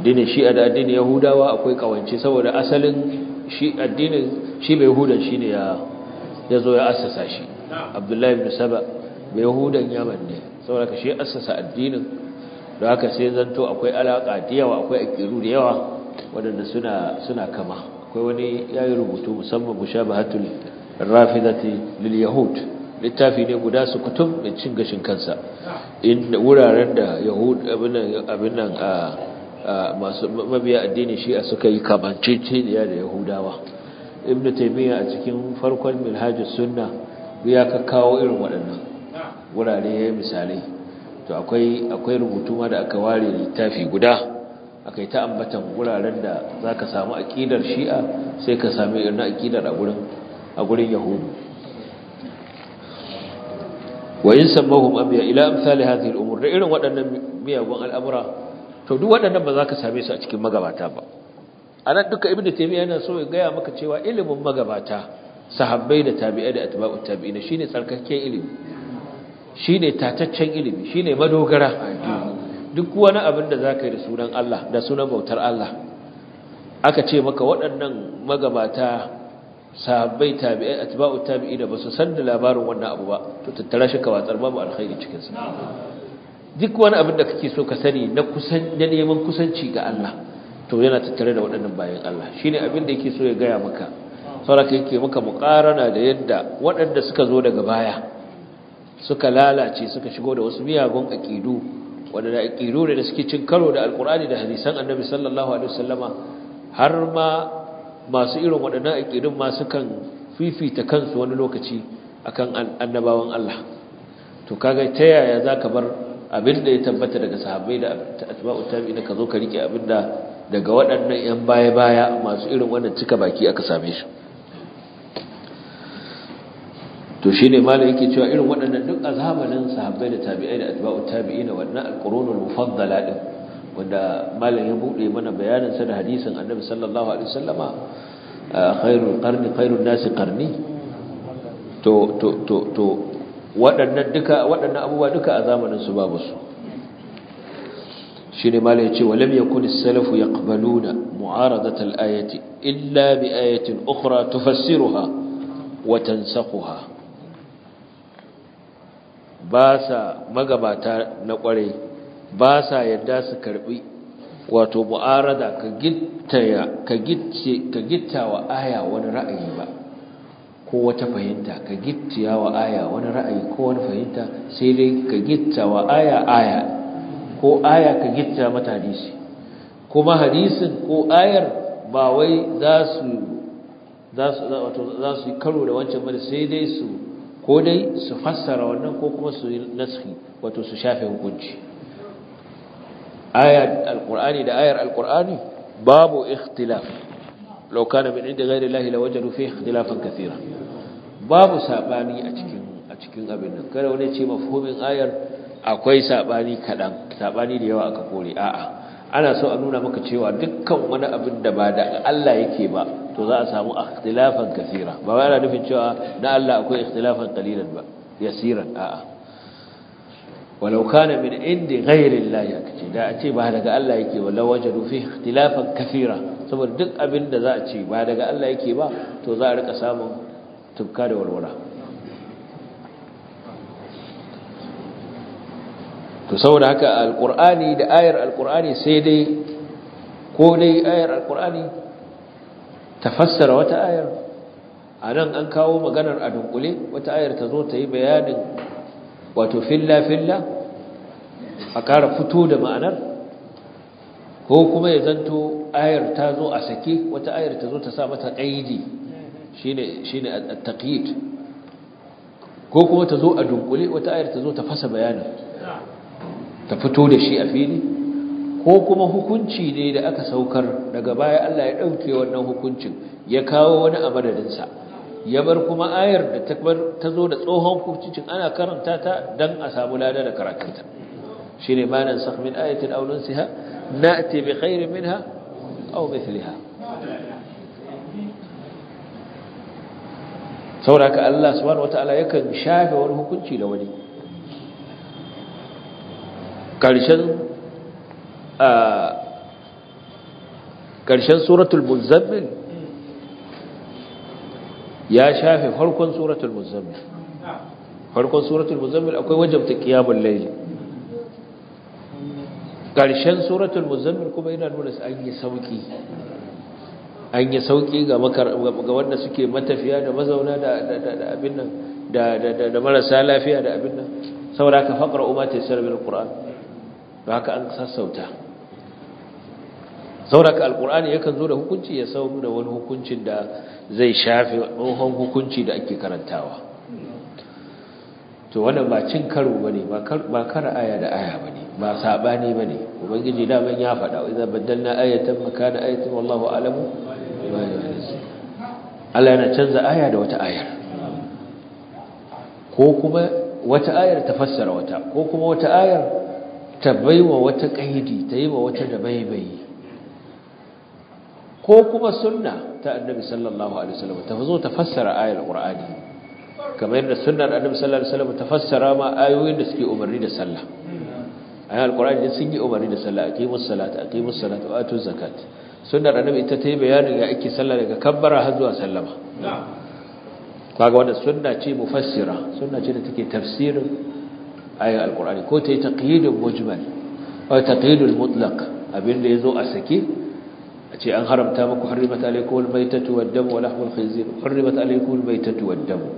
addinin shi'a da addinin yahudawa akwai kawance saboda asalin shi addinin shi mai yahudan shi ne ya zo ya asasa shi abdullahi ibn saba mai yahudan yaman ne saboda ka assasa addinin da haka sai zanto akwai alaka da yawa akwai akiru da yawa waɗanda suna suna kama akwai wani yi rubutu musamman mushabahatul rafidati lil yahud littafi ne guda su kutub da cin gashin kansa inda wuraren da yahud abin nan a masu mabiya addini shi'a suka yi kamanceceniya da yahudawa Ibn taymiya a cikin farkon milhajus sunna ya ka kawo irin waɗannan wurare ya yi misali, to akwai rubutu ma da aka ware littafi guda aka yi ta ambatan wuraren da za ka samu aƙidar shi'a sai ka sami irin aƙidar a gurin yahudu wayin sammahum abiya ila amsali hadhihi al'umur da irin waɗannan miyagun al'amura to duk waɗannan ba za ka same su a cikin magabata ba anan duka Ibn taymiya yana so ya gaya maka cewa ilimin magabata sahabbai da tabi'ai da atba'ut tabi'ina shine tsarkakken ilimi shine tataccen ilimi shine madogara duk wani abin da zaka yi da sunan Allah da sunan bautar Allah aka ce maka waɗannan magabata sahabbai tabi'ai atba'ut tabi'ina ba su san da labarin wannan abu ba to tattara shi ka watsar babu alkhairi cikin sa duk wani abin da kake so ka sani na kusan da neman kusanci ga Allah to yana tattare da waɗannan bayan Allah shine abin da yake so ya gaya maka sauraka yake muka na da yadda waɗanda suka zo daga baya suka lalace suka shigo da wasu miyagun aƙidu waɗanda aƙidu ne da suke cin karo da alƙur'ani da hadisan annabi sallallahu alaihi wasallama har ma masu irin waɗannan aƙidun ma sukan fifita kansu wani lokaci akan annabawan Allah to kaga ta yaya zaka bar abin da ya tabbata daga sahabbai da atba'u da ka zo ka rike abin da daga waɗannan 'yan baya-baya masu irin wannan cika baki aka same shi to shi ne malai yake cewa irin waɗannan duk a zamanin sahabbai da tabi'ai da atba'u tabi'ina wannan alqurunul mufaddala din wanda malai ya bude mana bayanin sa da hadisin annabi sallallahu alaihi wasallama khairul qarni khairun nasi qarni to to to to waɗannan duka waɗannan abubuwa duka a zamanin su babu su ne malai ya ce walam yakun as-salafu yaqbaluna mu'aradat al-ayati illa bi ayatin ukhra tufassiruha wa tansakhuha ba sa magabata na kwarai ba sa yadda su karbi wato mu'arada ka gittaya ka gitce ka gittawa aya wani ra'ayi ba ko wata fahimta ka gittiyawa aya wani ra'ayi ko wani fahimta sai dai ka gittawa aya aya ko aya ka gitta mata hadisi kuma hadisin ko ayar ba wai za su za su karo da wancan ba sai dai su ko dai su fassara wannan ko kuma su yi naski wato su shafe hukunci ayat alqur'ani da ayar alqur'ani babu ikhtilaf law kana min inda ghayri allahi lawajadu fi ikhtilafan kathira babu sabani a cikin a cikin abin nan kada wani ce mafhumin ayar akwai sabani kadan sabani da yawa aka kore a'a ana so a nuna maka cewa dukkan wani abin da ba da Allah yake ba to za a samu ikhtilafan kathira ba wai ana nufin cewa na Allah akwai ikhtilafan qalilan ba yasiran a'a walau kana min indi ghairi Allah yake da a ce ba daga Allah yake ba law wajadu fi ikhtilafan saboda duk abin da za a ce ba daga Allah yake ba to za a rika samun tubka da warwara to saboda haka alqur'ani da ayar alqur'ani sai dai ko dai ayar alqur'ani tafassara wata ayar a nan an kawo maganar a dunkule wata ayar ta zo ta yi bayanin wato filla-filla a kara fito da ma'anar ko kuma ya zanto ayar ta zo a sake wata ayar ta zo ta sa mata ƙaidi shi ne a taƙid ko kuma ta zo a dunkule wata ayar ta zo ta fasa bayanin ta fito da shi a fili ko kuma hukunci ne da aka saukar daga baya Allah ya ɗauke wannan hukuncin ya kawo wani a madadinsa ya bar kuma ayar da ta zo da tsohon hukuncin ana karanta ta don a samu lada da karatunta shi ne ma nan ayatin aunin siha na ate bi khairin minha au mithliha sauraka Allah subhanahu wata'ala yakan shafe wani hukunci da wani ƙarshen ƙarshen suratul muzammin ya shafe farkon suratul muzammin farkon suratul muzammin akwai wajabta ƙiyamun laili ƙarshen suratul muzammin kuma yana nuna su an yi sauki an yi sauki ga wanda suke matafiya da mazauna da abin nan da marasa lafiya da abin nan saboda ka faƙar umar ta yi sarbin ƙura'an Ba haka an sassauta sauraka alkur'ani yakan zo da hukunci ya sauru da wani hukuncin da zai shafe ɗohon hukunci da ake karantawa to wannan ba cin karo ne, ba kara aya da aya ba ne, ba ne ba ne ubangiji da ban ya faɗa wa idan na ayatan makana ayatin wallahu alamu Allah yana canza aya da wata ayar ko kuma wata ayar ta fassara wata ko kuma wata ayar ta baiwa wata ƙa'idi ta yi wa wata da baibayi ko kuma sunna ta annabi sallallahu alaihi wasallam ta zo ta fassara ayar qur'ani kamar yadda sunnar annabi sallallahu alaihi wasallam ta fassara ma ayoyin da suke umarni da sallah ayar qur'ani da sun yi umarni da sallah aqimus salata aqimus salata wa atuz zakat sunnar annabi ita ta yi bayanin ya ake sallah daga kabbara har zuwa sallama kaga wannan sunna ce mufassira sunna ce da take tafsirin ayar alqur'ani ko ta yi taqyidul mujmal ko taqyidul mutlaq abinda yazo a sake Ace ce an haramta muku harimat alaikumul maitatu wad damu wa lahmul khinzir harimat alaikumul maitatu wad damu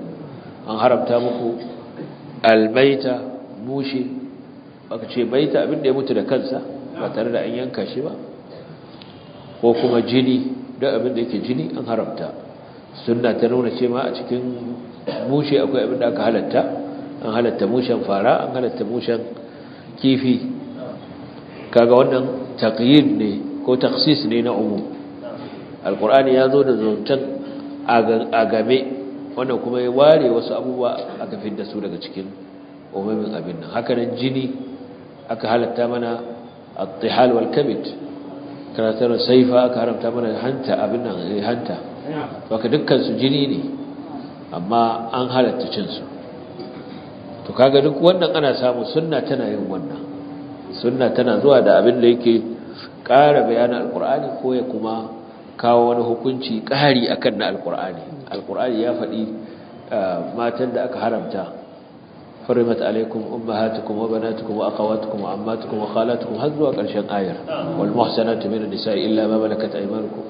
an haramta muku almaita mushi baka ce maita abin da ya mutu da kansa ba tare da an yanka shi ba ko kuma jini da abin da yake jini an haramta sunna ta nuna ce ma a cikin mushe akwai abin da aka halatta an halatta mushen fara an halatta mushen kifi kaga wannan taqyid ne ko taksis ne na umu alkur'ani ya zo da zancen agame wanda kuma ya ware wasu abubuwa aka da su daga cikin umumin abin nan haka nan jini aka halatta mana a tihal wal karatar saifa aka haramta mana hanta abin nan eh, hanta Waka dukkan su jini ne amma an halatta cinsu. to kaga duk wannan ana samu sunna tana yin wannan sunna tana zuwa da abin da yake ƙara bayanin alkur'ani ko ya kuma kawo wani hukunci ƙari akan na alkur'ani Alƙur'ani ya faɗi ah, matan da aka haramta حرمت عليكم أمهاتكم وبناتكم وأخواتكم وعماتكم وخالاتكم هذوا قرشان آير والمحسنات من النساء إلا ما ملكت أيمانكم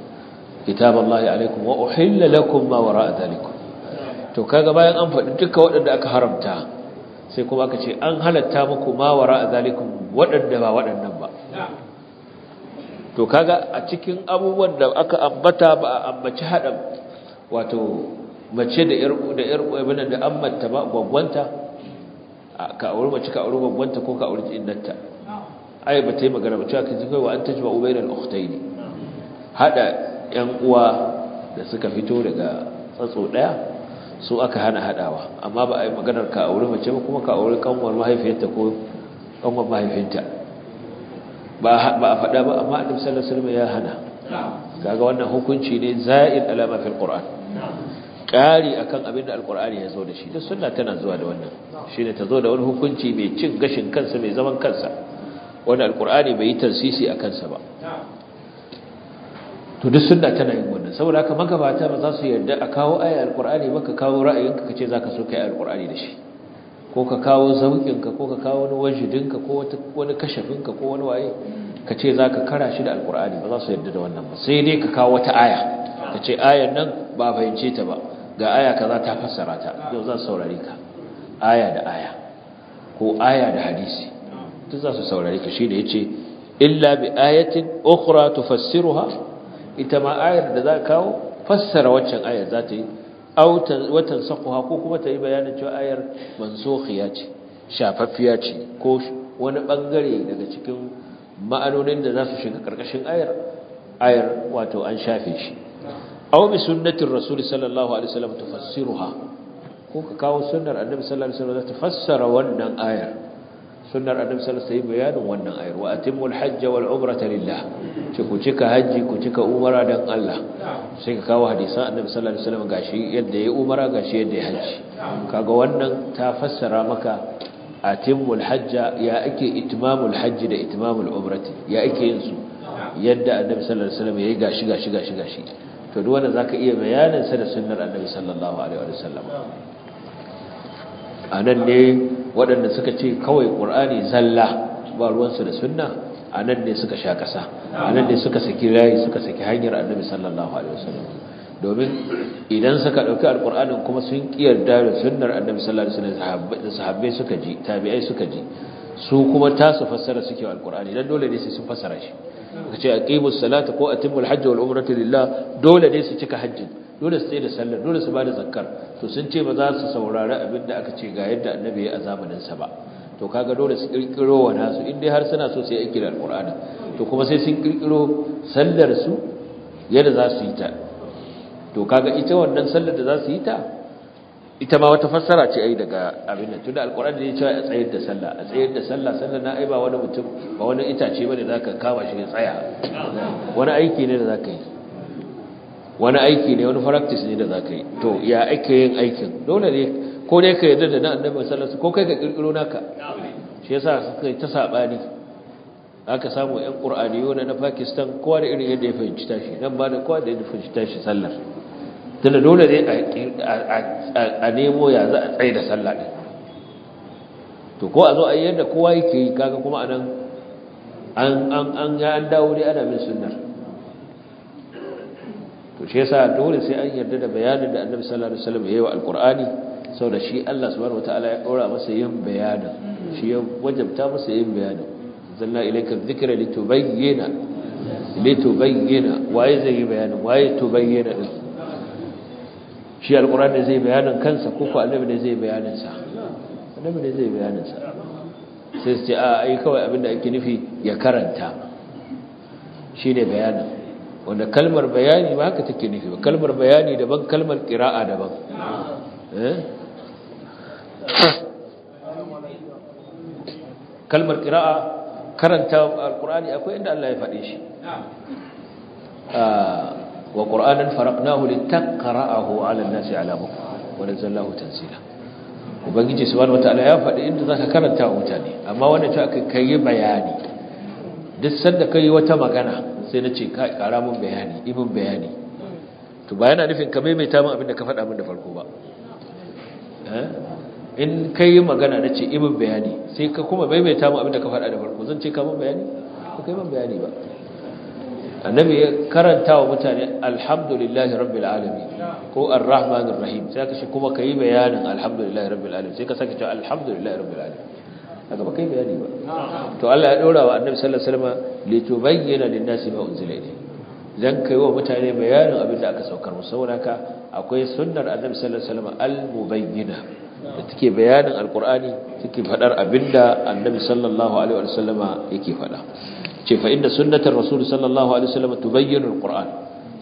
كتاب الله عليكم وأحل لكم ما وراء ذلكم to kaga bayan an faɗi duka waɗanda aka haramta sai kuma aka ce an halatta muku ma wara a waɗanda ba waɗannan ba to kaga a cikin abubuwan da aka ambata ba a ambaci hada wato mace da yar da yar ibn da ambata ba gwaggwanta ka aure mace ka aure gwaggwanta ko ka aure innata ai ba tai magana ba cewa kin kai wa ba ubayda al ukhtayn hada yan uwa da suka fito daga tsatso daya su aka hana hadawa amma ba ai maganar ka aure mace ba kuma ka aure kanwar mahaifiyarta ko kanwar mahaifinta ba a faɗa ba amma annabi sallallahu alaihi wasallam ya hana kaga wannan hukunci ne za'id alama fil qur'an ƙari akan abin da alqur'ani ya zo da shi da sunna tana zuwa da wannan shine ta zo da wani hukunci mai cin gashin kansa mai zaman kansa wanda alqur'ani bai yi tarsisi a kansa ba to duk sunna tana yin wannan saboda haka magabata ba za su yarda a kawo ayar alqur'ani ba ka kawo ra'ayinka kace zaka so kai alqur'ani da shi ko ka kawo zaukinka ko ka kawo wani wajidinka ko wani kashafinka ko wani waye ka ce za ka kara shi da alkur'ani ba za su yadda da wannan ba sai dai ka kawo wata aya ka ce ayan nan ba fahimce ta ba ga aya kaza ta fassara ta yau za su saurare ka aya da aya ko aya da hadisi duk za su saurare ka shi da ya ce illa bi ayatin ukhra tufassiruha ita ma ayar da za ka kawo fassara waccan ayar za ta yi aw watan ko kuma ta yi bayanin cewa ayar mansukhiya ce shafaffiya ce ko wani bangare daga cikin ma'anonin da za su shiga karkashin ayar ayar wato an shafe shi aw sunnatin sunnatir rasul sallallahu alaihi wasallam tufassiruha ko ka kawo sunnar annabi sallallahu alaihi wasallam za ta fassara wannan ayar sunnar annabi sallallahu alaihi wasallam bayanin wannan ayar wa atimul hajj wal umrata lillah ce ku cika haji ku cika umara dan Allah sai ka kawo hadisan annabi sallallahu alaihi wasallam gashi yadda yayi umara gashi yadda yayi haji kaga wannan ta fassara maka atimul hajj ya ake itmamul hajji da itmamul umrati ya ake yin su yadda annabi sallallahu alaihi wasallam yayi gashi gashi gashi gashi to duk wanda zaka iya bayanin sa da sunnar annabi sallallahu alaihi wasallam a nan ne waɗanda suka ce kawai ƙur'ani zalla ba ruwansu da sunna a nan ne suka sha ƙasa a nan ne suka saki rayi suka saki hanyar annabi sallallahu alaihi wasallam domin idan suka ɗauki alƙur'anin kuma sun ƙiyarda da sunnar annabi sallallahu alaihi wasallam da sahabbai suka ji tabi'ai suka ji su kuma ta su fassara suke alƙur'ani dan dole ne sai sun fassara shi kace aqimus salata ko atimul hajj wal umrata lillah dole ne su cika hajjin dole su sai da sallar dole su ba da zakkar to sun ce ba za su saurari abin da aka ce ga yadda annabi ya a zamaninsa ba to kaga dole su kirkiro wa nasu in dai har suna so sai aiki da alqur'ani to kuma sai sun kirkiro sallar su yadda za su yi ta to kaga ita wannan sallar da za su yi ta ita ma wata fassara ce ai daga abin nan tunda alqur'ani ne ce a tsayar da sallah a tsayar da sallah sallar na ai ba wani mutum ba wani itace bane zaka kama shi ya tsaya wani aiki ne da zaka yi wani aiki ne wani practice ne da za ka yi to ya ake yin aikin dole ne ko dai ka yarda da na annabi sallarsu ko kai ka kirkiro naka shi yasa suka ta sabani aka samu ƴan yau na Pakistan kowa da irin yadda ya fahimci tashi nan ba da kowa da yadda fahimci tashi sallar Tana dole ne a nemo ya za a tsaye da sallar. din to ko a zo a yi yadda kowa yake yi kaga kuma anan an an an dawo dai ana min sunnar shi yasa dole sai an yarda da bayanin da annabi sallallahu alaihi wasallam ya yi wa alqur'ani saboda shi Allah subhanahu wataala ya dora masa yin bayanin shi ya wajabta masa yin bayanin zalla ilayka dhikra litubayyana litubayyana waye zai yi bayanin waye tubayyana din shi alqur'ani zai bayanin kansa ko ko annabi ne zai bayanin sa annabi ne zai bayanin sa sai sai a ai kawai abinda ake nufi ya karanta shine bayanin wanda kalmar bayani ba haka take nufi ba kalmar bayani daban kalmar ƙira'a daban eh? kalmar ƙira'a karanta alƙur'ani akwai inda Allah ya faɗe shi ah, wa ƙur'anin faraknahu littakara'ahu ala nasi alamu wadda zallahu tanzila ubangiji wani wata ya faɗi inda za ka karanta wa mutane amma wannan ta aka kai bayani duk sanda ka yi wata magana sai na ce kara mun bayani ibin bayani to ba yana nufin ka maimaita mun abinda ka faɗa min da farko ba eh? in ka yi magana na ce ibin bayani sai ka kuma maimaita mun abinda ka faɗa da farko zan ce ka mun bayani ba ka yi bayani ba annabi ya karanta wa mutane alhamdulillahi rabbil alamin ko arrahmanir rahim sai ka shi kuma ka yi bayanin alhamdulillahi rabbil alamin sai ka sake cewa alhamdulillahi rabbil alamin haka ba kai bayani ba to Allah ya dora wa annabi sallallahu alaihi wasallam li tubayyana lin-nasi ma unzila ilayhi kai wa mutane bayanin abin da aka saukar musu saboda haka akwai sunnar annabi sallallahu alaihi wasallam al-mubayyina da take bayanin alqur'ani take fadar abinda annabi sallallahu alaihi wasallama yake fada ce fa inda sunnatar rasul sallallahu alaihi wasallam tubayyinu alqur'an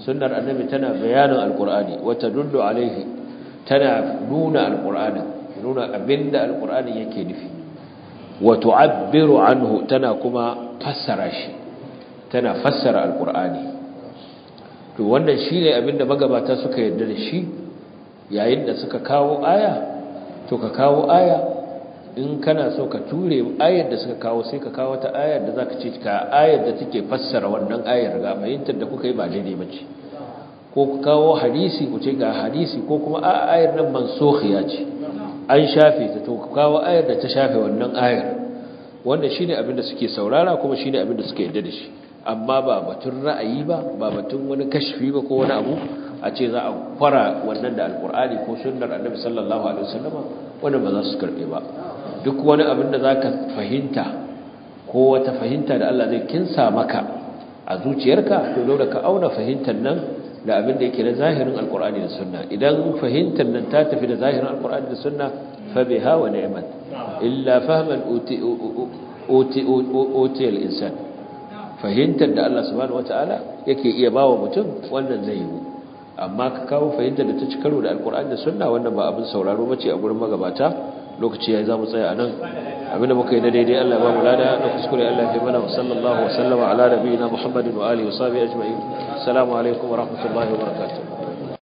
sunnar annabi tana bayanin alqur'ani wa tadullu alaihi tana nuna alqur'ani nuna abinda alqur'ani yake nufi Wato tu'abbiru anhu tana kuma fassara shi tana fassara alqur'ani to wannan shine abinda magabata suka yarda da shi yayin da suka kawo aya to ka kawo aya in kana so ka ture ayar da suka kawo sai ka kawo ta ayar da zaka ce ka ayar da take fassara wannan ayar ga fahimtar da kuka yi ba daidai bace ko ku kawo hadisi ku ce ga hadisi ko kuma a ayar nan mansukhiya ce an shafe ta to kawo ayar da ta shafe wannan ayar wanda shine abin da suke saurara kuma shine abin da suke yadda da shi amma ba batun ra'ayi ba ba batun wani kashfi ba ko wani abu a ce za a fara wannan da alkur'ani ko sunnar annabi sallallahu alaihi wasallama wanda ba za su karbe ba duk wani abin da zaka fahimta ko wata fahimta da Allah zai kinsa maka a zuciyarka to dole ka auna fahimtar nan da abin da yake na zahirin alkur'ani da sunna idan fahimtar nan ta tafi da zahirin alkur'ani da sunna fa biha wa ni'mat illa fahman utiya al-insan fahimtar da Allah subhanahu wataala yake iya bawa mutum wannan zai yi amma ka kawo fahimtar da ta ci karo da alkur'ani da sunna wannan ba abin sauraro bace a gurin magabata lokaci yayi zamu tsaya anan abinda muka yi na daidai Allah ya ba mu lada da kuskure Allah ya mana sallallahu alaihi wa sallama ala nabiyina Muhammadin wa alihi wa sahbihi ajma'in assalamu alaikum wa rahmatullahi wa barakatuh